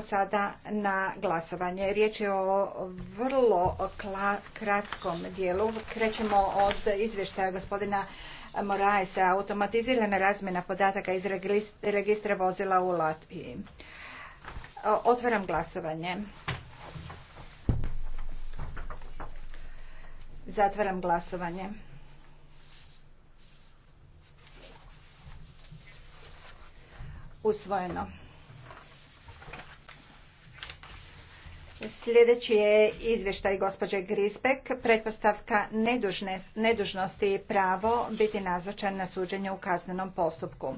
sada na glasovanje. Riječ je o vrlo kratkom dijelu. Krećemo od izvještaja gospodina Moraesa, automatizirana razmjena podataka iz registra vozila u Latviji. Otvaram glasovanje. Zatvaram glasovanje. Usvojeno. Sljedeći je izvještaj gospođe Grisbek, pretpostavka nedužnosti i pravo biti nazočan na suđenje u kaznenom postupku.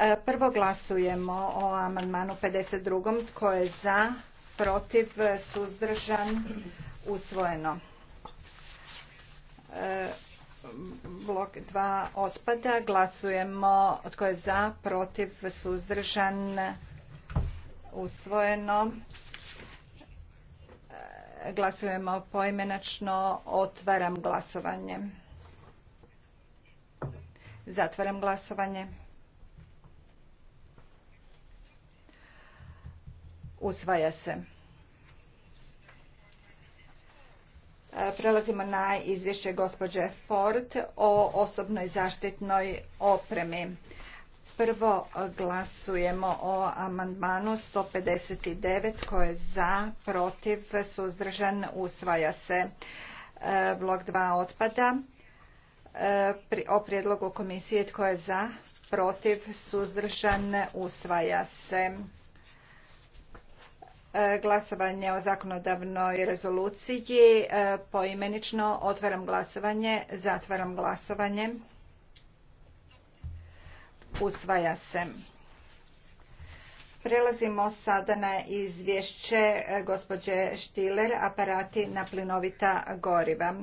E, prvo glasujemo o amandmanu 52. Tko je za, protiv, suzdržan, usvojeno. E, blok 2 otpada. Glasujemo tko je za, protiv, suzdržan, usvojeno. Glasujemo poimenačno. Otvaram glasovanje. Zatvaram glasovanje. Usvaja se. E, prelazimo na izvješće gospođe Ford o osobnoj zaštitnoj opremi. Prvo eh, glasujemo o amandmanu 159 koji je za, protiv, suzdržan, usvaja se. Eh, blok 2 otpada. Eh, o prijedlogu komisije tko je za, protiv, suzdržan, usvaja se. Glasovanje o zakonodavnoj rezoluciji poimenično otvaram glasovanje, zatvaram glasovanje usvaja se. Prelazimo sada na izvješće e, gospođe Štiler, aparati na plinovita goriva.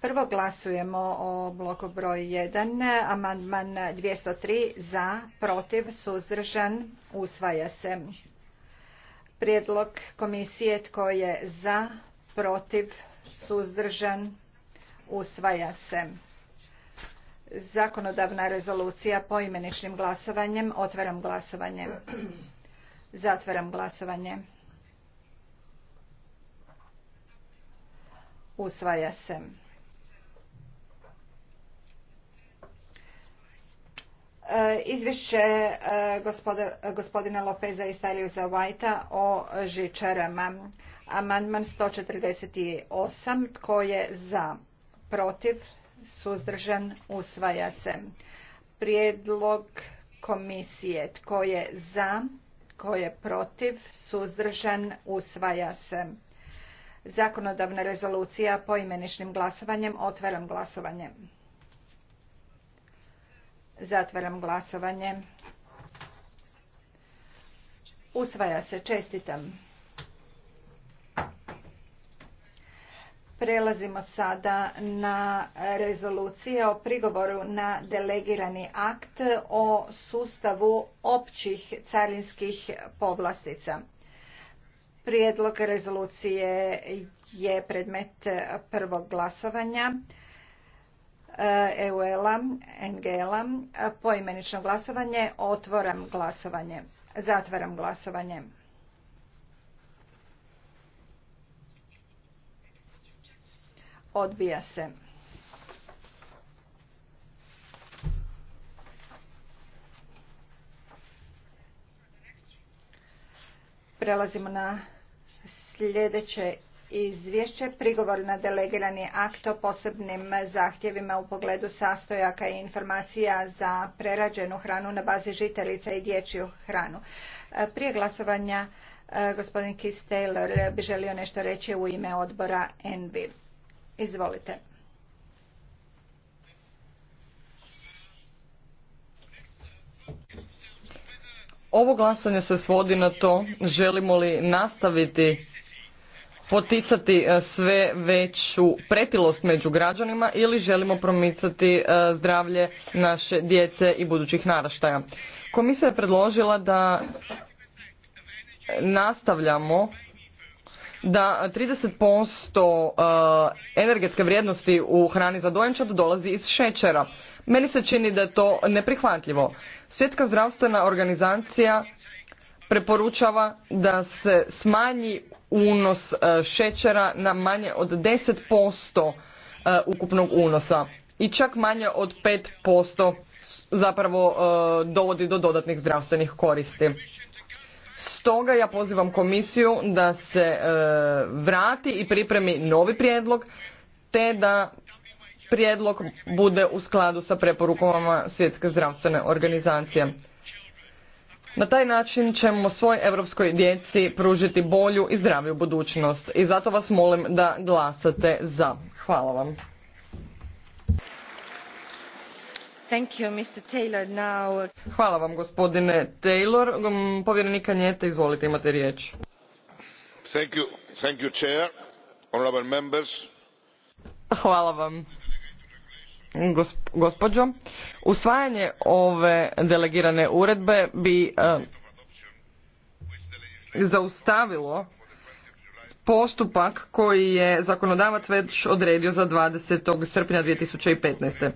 Prvo glasujemo o bloku broj 1, amandman 203 za, protiv, suzdržan, usvaja se. Prijedlog komisije tko je za, protiv, suzdržan, usvaja se. Zakonodavna rezolucija poimeničnim glasovanjem. Otvaram glasovanje. Zatvaram glasovanje. Usvaja se. E, izvješće e, gospodina Lopeza i stariusa Whitea o žičarama. Amandman 148. Tko je za? Protiv? suzdržan, usvaja se. Prijedlog komisije tko je za, tko je protiv, suzdržan, usvaja se. Zakonodavna rezolucija poimeničnim glasovanjem. Otvaram glasovanje. Zatvaram glasovanje. Usvaja se. Čestitam. Prelazimo sada na rezolucije o prigovoru na delegirani akt o sustavu općih carinskih povlastica. Prijedlog rezolucije je predmet prvog glasovanja EUL-a, e NGL-a. Poimenično glasovanje, otvoram glasovanje, zatvaram glasovanje. Odbija se. Prelazimo na sljedeće izvješće. Prigovor na delegirani akt o posebnim zahtjevima u pogledu sastojaka i informacija za prerađenu hranu na bazi žiteljica i dječju hranu. Prije glasovanja e, gospodin Keith Taylor bi želio nešto reći u ime odbora ENVI. Izvolite. Ovo glasanje se svodi na to želimo li nastaviti poticati e, sve veću pretilost među građanima ili želimo promicati e, zdravlje naše djece i budućih naraštaja. Komisija je predložila da nastavljamo da 30% e, energetske vrijednosti u hrani za dojenčad dolazi iz šećera. Meni se čini da je to neprihvatljivo. Svjetska zdravstvena organizacija preporučava da se smanji unos e, šećera na manje od 10% e, ukupnog unosa i čak manje od 5% zapravo dovodi do dodatnih zdravstvenih koristi. Stoga ja pozivam komisiju da se e, vrati i pripremi novi prijedlog te da prijedlog bude u skladu sa preporukama Svjetske zdravstvene organizacije. Na taj način ćemo svoj europskoj djeci pružiti bolju i zdraviju budućnost i zato vas molim da glasate za. Hvala vam. Thank uh, Hvala vam gospodine Taylor. Um, Povjerenik Kanjete, izvolite, imate riječ. Hvala vam gospođo. Usvajanje ove delegirane uredbe bi uh, zaustavilo postupak koji je zakonodavac već odredio za 20. srpnja 2015.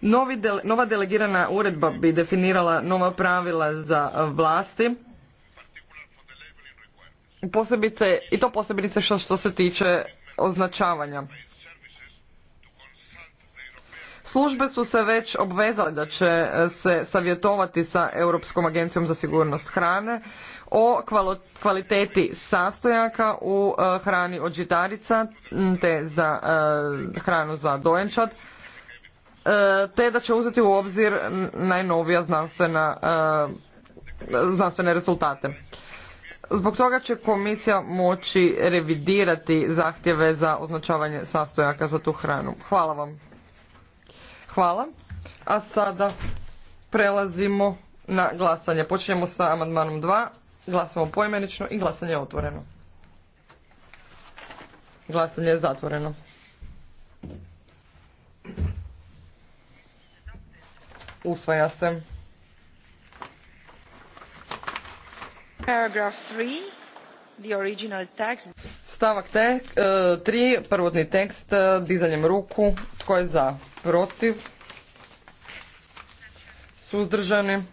Novi dele, nova delegirana uredba bi definirala nova pravila za vlasti, posebice, i to posebice što, što se tiče označavanja. Službe su se već obvezale da će e, se savjetovati sa Europskom agencijom za sigurnost hrane o kvaliteti sastojaka u e, hrani od žitarica te za e, hranu za dojenčad te da će uzeti u obzir najnovija znanstvena, znanstvene rezultate. Zbog toga će komisija moći revidirati zahtjeve za označavanje sastojaka za tu hranu. Hvala vam. Hvala. A sada prelazimo na glasanje. Počinjemo sa amandmanom 2. Glasamo poimenično i glasanje je otvoreno. Glasanje je zatvoreno. Usvaja se. Paragraf 3. The original Stavak 3. E, prvotni tekst. E, dizanjem ruku. Tko je za? protiv, suzdržani,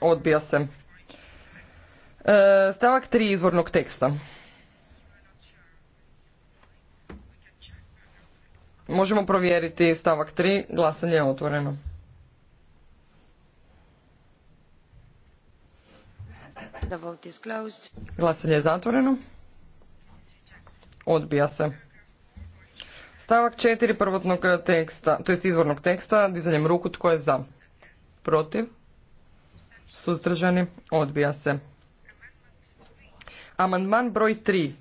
odbija se. E, stavak 3 izvornog teksta. Možemo provjeriti stavak 3, glasanje je otvoreno. Glasanje je zatvoreno. Odbija se. Stavak 4 prvotnog teksta, to jest izvornog teksta, dizanjem ruku tko je za? Protiv? Suzdržani? Odbija se. Amandman broj 3.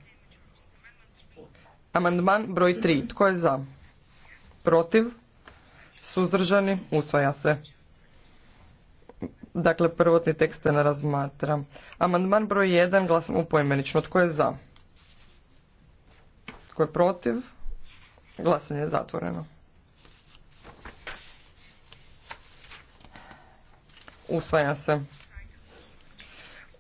Amandman broj 3. Tko je za? Protiv? Suzdržani? Usvaja se. Dakle, prvotni tekst se ne razmatra. Amandman broj 1. Glasamo poimenično. Tko je za? Tko je protiv? Glasanje je zatvoreno. Usvaja se.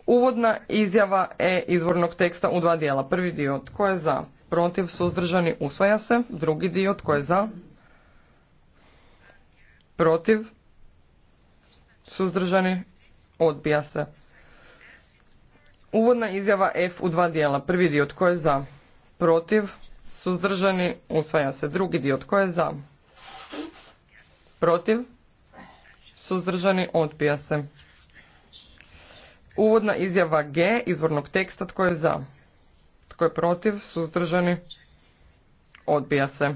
Uvodna izjava E izvornog teksta u dva dijela. Prvi dio tko je za, protiv, suzdržani, usvaja se. Drugi dio tko je za, protiv, suzdržani, odbija se. Uvodna izjava F u dva dijela. Prvi dio tko je za, protiv, suzdržani, usvaja se drugi dio, tko je za, protiv, suzdržani, odbija se. Uvodna izjava G izvornog teksta, tko je za, tko je protiv, suzdržani, odbija se.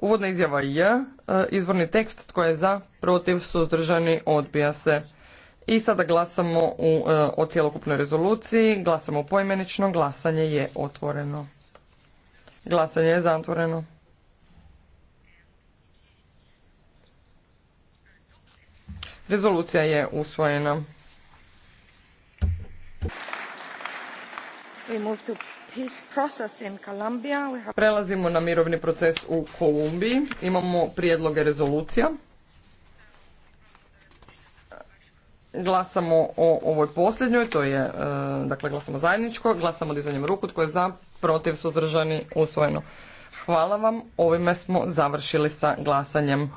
Uvodna izjava J, e, izvorni tekst, tko je za, protiv, suzdržani, odbija se. I sada glasamo u, e, o cjelokupnoj rezoluciji, glasamo poimenično, glasanje je otvoreno. Glasanje je zatvoreno. Rezolucija je usvojena. Prelazimo na mirovni proces u Kolumbiji. Imamo prijedloge rezolucija. Glasamo o ovoj posljednjoj, to je, e, dakle, glasamo zajedničko, glasamo dizanjem ruku, tko je za, protiv, suzdržani, usvojeno. Hvala vam, ovime smo završili sa glasanjem.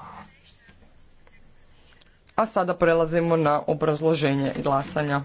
A sada prelazimo na obrazloženje glasanja.